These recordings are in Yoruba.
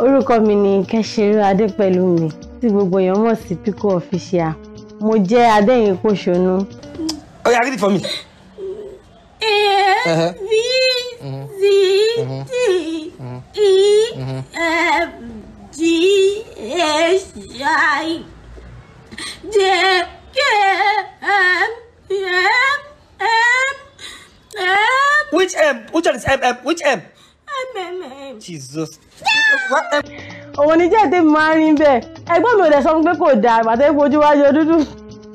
orúkọ mi ni Kẹ́ṣeré Adépẹ̀lúmi tí gbogbo èèyàn mọ̀ sí Pico Official mo jẹ́ adẹ́yìn pòṣónú. ó yá read it for me. ẹ ẹ bí sí I E mm-hmm. F G H I J K M M M M. Which M? Which one is M M? Which M? Jesus. òun ni jẹ́ ètè máa ń rin bẹ́ẹ̀ ẹgbọ́n mi ò dẹ̀ sọ fún pé kò dáa àgbàtà epo ojú wájú dúdú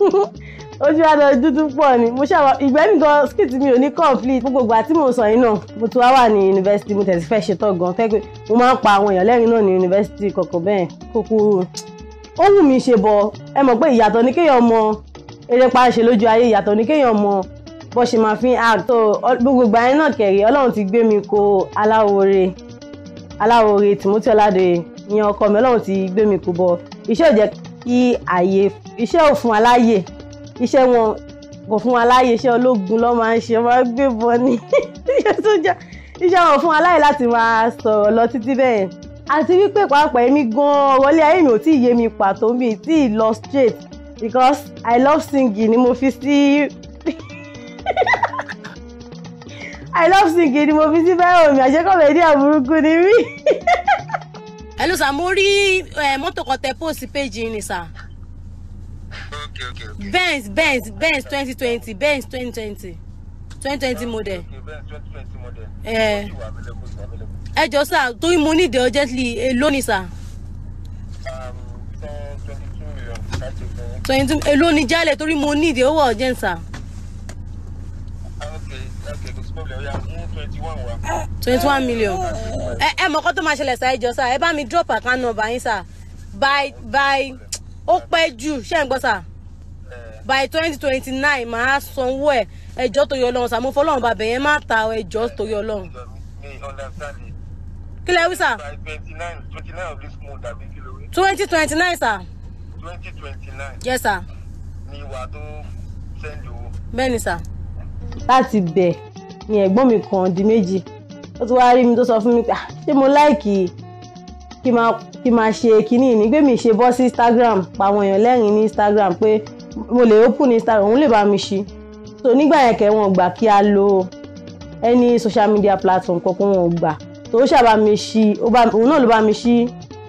ojú àná dúdú pọ̀ ni mo ṣàwọ ìgbẹ́ nìkan skit mi ò ní complete gbogbo ìgbà tí mo sọ yìí náà mo ti wá wà ní yunifásitì mo tẹ̀sí fẹ́ ṣetán gan tẹ́gbẹ́ mo máa ń pa àwọn èèyàn lẹ́rìn náà ní yunifásitì kọ̀ọ̀kan bẹ́ẹ̀ kúkúrú ó wù mí ṣe bọ̀ ẹ mọ̀ pé ìyàtọ̀ ní kéèyàn mọ eré pa ṣe lójú ayé ìyàtọ̀ ní kéèyàn mọ bó ṣe máa fi ń add so gbogbo ìgbà yẹn náà kẹ̀rí ọlọ́run ti gbé mi ko aláwòore aláwòore Timothy Ọládòye ìyẹn ọkọ mi ọlọ́run ti gbé mi ko bọ iṣẹ́ ò jẹ́ kí àyè iṣẹ́ ò fún wa láàyè iṣẹ́ wọn kò fún wa láàyè iṣẹ́ ológun ló máa ń ṣe máa ń gbé bọ ní iṣẹ́ sójà iṣẹ́ wọn fún wa láàyè láti máa sọ̀rọ̀ lọ títí bẹ́ẹ̀ àti wípé pàápàá èmi gan-an ọ̀rọ̀lé ayé mi ò tí ì yé mi pàtó mi ì tí ì lọ straight because I love singing ni mo fi sí i love singing ni mo fi sí fẹ́ràn omi àṣekọ̀mẹ́dì àbúrúkú ni mí. ẹ ló sà mo rí mọ́tò kan tẹ póòsì péjì ni sà. Okay, okay, okay. Benz, Benz, Benz 2020, Benz 2020. 2020 model. Ẹ ẹ jọ sá torí mo ní ìdè urgently èló eh, ni sá. Um, twenty two èló eh, ni jálẹ̀ torí mo ní ìdè eh, owó urgent sá. twenty one million ẹ ẹ mọ̀kọ́ tó máa ṣẹlẹ̀ sáà ìjọ ẹ bá mi drop account number yín sáà by by ó pẹ́ jù ṣé ń gbọ́ sáà by twenty twenty nine màá sanwó ẹ̀ ẹjọ́ tó yọ lọ́run sáà mo fọlọ́run bàbẹ̀ yẹn má ta ẹjọ́ tó yọ lọ́run. kí lẹ wí sáà. twenty twenty nine sáà. twenty twenty nine. yes sáà. ni ìwà tó sẹ́ńdì owó. bẹ́ẹ̀ ni sáà. láti bẹ̀ ni ẹ̀gbọ́n mi kan di méjì ó ti wá rí mi tó sọ fún mi pé ṣé mo láìkì kí máa ṣe kínní ní gbé mi ṣe bọ́ sí Instagram pa àwọn èèyàn lẹ́rìn ní Instagram pé mo lè open Instagram òun lè bá mi ṣí so nígbà yẹn kẹ́ wọn gbà kí a lo ẹni social media platform kankan wọn gbà tó ṣàbà mi ṣí òun náà ló bá mi ṣí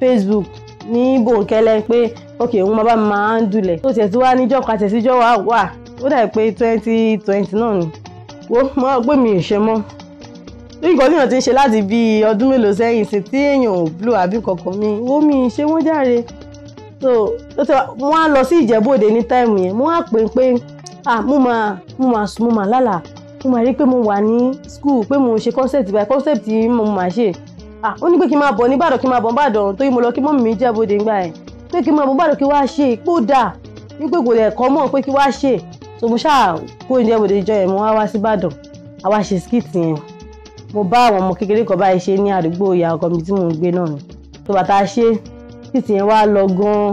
Facebook ní bòńkẹ́lẹ́ pé ok òun máa bá mi máa ń dulẹ̀ tó tiẹ̀ tí wá níjọ́ kan àti wà wà ó dà pé twenty twenty náà ni wo máa gbé mi ìṣe mọ́ nǹkan tí èèyàn ti ń ṣe láti bí ọdún mélòó sẹ́yìn sí tí èèyàn ò blú àbí kankan mi wo mi ṣe wọ́n járe so mo á lọ sí ìjẹ̀bú ní táìmù yẹn mo á pè é pé ah mo máa mo máa sùn mo máa lálàá mo máa rí pé mo wà ní school pé mo ṣe concept by concept yìí mo máa ṣe ah ó ní pé kí n máa bọ̀ níbàdàn kí n máa bọ̀ níbàdàn tó yí mo lọ kí mọ́mì mi Ìjẹ̀bú-Òde ńgbà yẹn pé kí n máa bọ̀ níbàdàn kí wá ṣe kó dà wípé kò lè kọ́ mọ̀ pé kí wá ṣe so mo ṣáà kó oúnjẹ bòde ìjọ yẹn mo wá wá sí Ìbàdàn a wá ṣe skit yẹn mo bá àwọn ọmọ kékeré kan báyìí ṣe ní àdúgbò ìyá ọkọ mi tí mò ń gbé náà ni tó bàtà ṣe skit yẹn wá lọ gan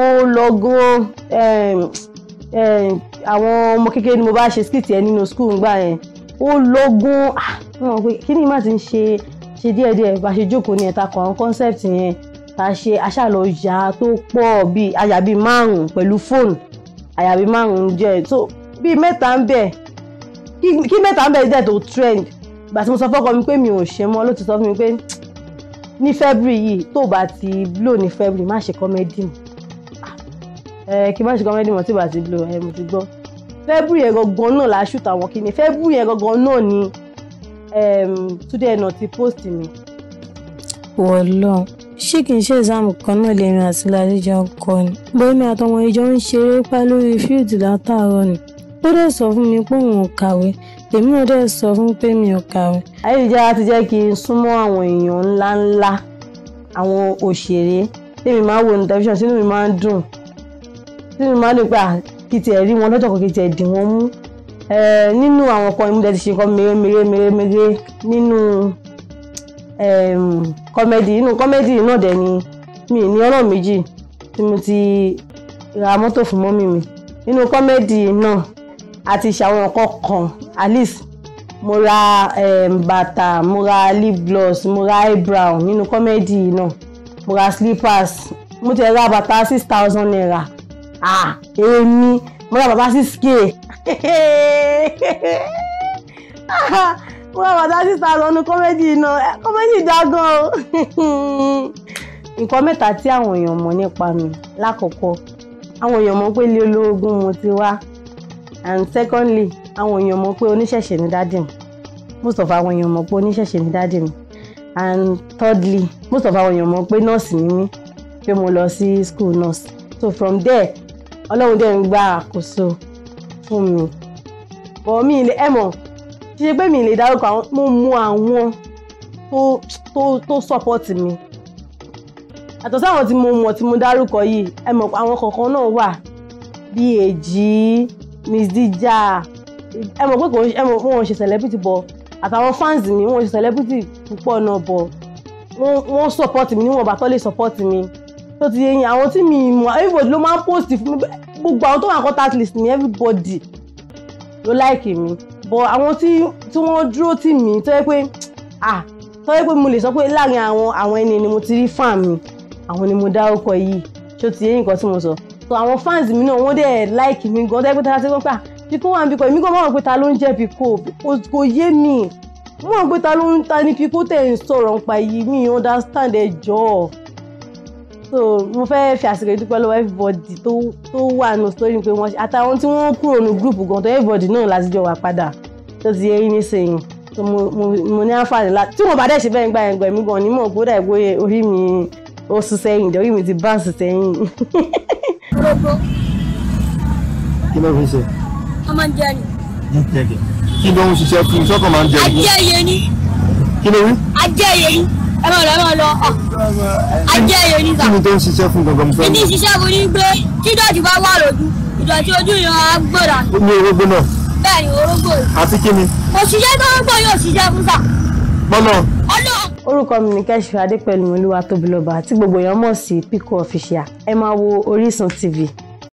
ó lọ gan ehm, ehm, àwọn ọmọ kékeré ni mo bá ṣe skit yẹn nínú skul ńgbà yẹn ó lọ gan wọn ah, kí ni má ti ń ṣe ṣe díẹ̀díẹ̀ bá ṣe jókòó ní ẹ̀ta kan àwọn concept yẹn tá ṣe aṣáàlọ́ ya tó pọ̀ bíi àyà márùn-ún pẹ̀lú fóònù àyàbí márùn-ún jẹ́ so bíi mẹ́ta ń bẹ̀ kí mẹ́ta ń bẹ̀ jẹ́ tó trend ìgbà tí mo sọ fọ́kọ mi pé mi ò ṣe mọ́ ló ti sọ fún mi pé ní February yìí tó bá ti blow ní February má ṣe comedy mọ́ ah, kí má ṣe comedy mọ́ tí bá ti blow mo ti gbọ́ February yẹn gangan náà la shoot àwọn kíni February yẹn gangan náà ni Túndé ẹ̀nà ti post mi. wọ́n lọ́n ṣé kìí ṣe ìsáàmù kan náà lèmi àti ládéjà ń kọ ni bọ́ẹ̀mí àtọmọ ìjọ ń ṣeré pa lórí fíìdì látàárọ̀ ni ó dẹ̀ sọ fún mi pé òun ò kàwé èmi náà dẹ̀ sọ fún pé mi ò kàwé. ayélujára ti jẹ́ kí n súnmọ́ àwọn èèyàn ńláńlá àwọn òṣèré tèmi máa ń wo ní tẹlifíṣàn sínú mi máa ń dùn sínú mi máa ń dùn pé kí tiẹ̀ rí wọn lọ́jọ́ kan kí tiẹ̀ dì wọ́n mú nínú àwọn kan ìmúdẹ́ kọ́mẹ́dì inú kọ́mẹ́dì náà dẹ̀ ni mi ní ọ̀nà méjì tí mo ti ra mọ́tò fún mọ́mì mi nínú kọ́mẹ́dì náà àti ṣàwọn nǹkan kan at least mo ra bàtà mo ra lip gloss mo ra eyebrow nínú kọ́mẹ́dì náà mo ra slippers mo ti ra bàtà six thousand naira ah èmi mo ra bàtà six k. Ah, wọ́n wà eh, dá sísá lọ́nu kọ́mẹ́dì iná kọ́mẹ́dì dá gan o. nǹkan mẹ́ta tí àwọn èèyàn mọ̀ nípa mi lákọ̀ọ́kọ́ àwọn èèyàn mọ̀ pé ilé olóògùn mo ti wá and secondly àwọn èèyàn mọ̀ pé oníṣẹ̀ṣẹ̀ ni dádì mi most of àwọn èèyàn mọ̀ pé oníṣẹ̀ṣẹ̀ ni dádì mi and thirdly most of àwọn èèyàn mọ̀ pé nọ́ọ̀sì ni mí pé mo lọ sí school nurse so from there ọlọ́run dẹ̀ ń gba àkóso fún mi bọ̀ mí ẹ mọ̀ ṣe pé mi lè dárúkọ àwọn mo mú àwọn tó tó tó support mi àtọ̀ sáwọn tí mo mọ̀ tí mo dárúkọ yìí ẹ mọ̀ àwọn kọ̀ọ̀kan náà wà bíi èjì miss dija ẹ mọ̀ pé kò ẹ mọ̀ wọn ò ṣe celebrity bọ̀ àtàwọn fans mi wọn ò ṣe celebrity púpọ̀ náà bọ̀ wọ́n support mi níwọ̀n bàtọ́ lè support mi tó ti yẹ yín àwọn tí mi mọ̀ everybody ló máa ń post fún mi gbogbo àwọn tó wà contact list mi everybody ló like mi but àwọn tí tí wọ́n dúró tì mí tó yẹ pé ah tó yẹ pé mo lè sọ pé láàrin àwọn àwọn ẹni ni mo ti rí fan mi àwọn ni mo dárúkọ yìí ṣó ti yé nǹkan tí mo sọ so àwọn fans mi náà wọ́n dẹ̀ like mi gan tó yẹ pé tata ṣe wọ́n pé ah Pico wà ní Pico èmi gan mọ̀ pé ta ló ń jẹ́ Pico kò yé mi mọ̀ pé ta ló ń ta ni Pico tẹ̀ ń sọ̀rọ̀ nípa yìí mi understand ẹ jọ̀ọ́ so mo fẹ́ fi àsìkò yìí dúpẹ́ lọ́wọ́ everybody tó tó wà nù story pé wọ́n àtàwọn tí wọ́n kúrò nù group gan tó everybody náà láti jọ wà padà tó ti yẹrí nísìnyí so mo mo mo ní àǹfààní láti tí mo bá dẹ̀ ṣe bẹ́ẹ̀ gbà yẹn gbà mí gan ni mo gbọ́dọ̀ ìgbóyè orí mi ó sún sẹ́yìn orí mi ti bounce sẹ́yìn. kí ló fi ṣe. wọ́n máa ń jẹ́ ni. kí ló ń ṣiṣẹ́ fún sọ́kàn máa ń jẹ́ ni. ajẹ́ yẹn ni. kí ló wí. ajẹ́ yẹn ni ẹ máa lọ ẹ máa lọ ajé ẹyẹ níta. kí ni tó ń ṣiṣẹ́ fún gangan fún mi. ìdí ìṣiṣẹ́ mo ní gbé tí dọ̀tí bá wà lójú ìdọ̀tí ojú yẹn á gbòòrà. ó ní orógbó náà. bẹ́ẹ̀ ni orógbó yìí. àti kí ni. òṣìṣẹ́ tó ń gbọ́ yóò ṣiṣẹ́ fún sà. bọ́lá. ọlọ́. orúkọ mi ni Kẹ́ṣù Adépẹ̀lúolúwatóbilọ́ba tí gbogbo èèyàn mọ̀ sí Pico Official ẹ máa wo Orísun TV.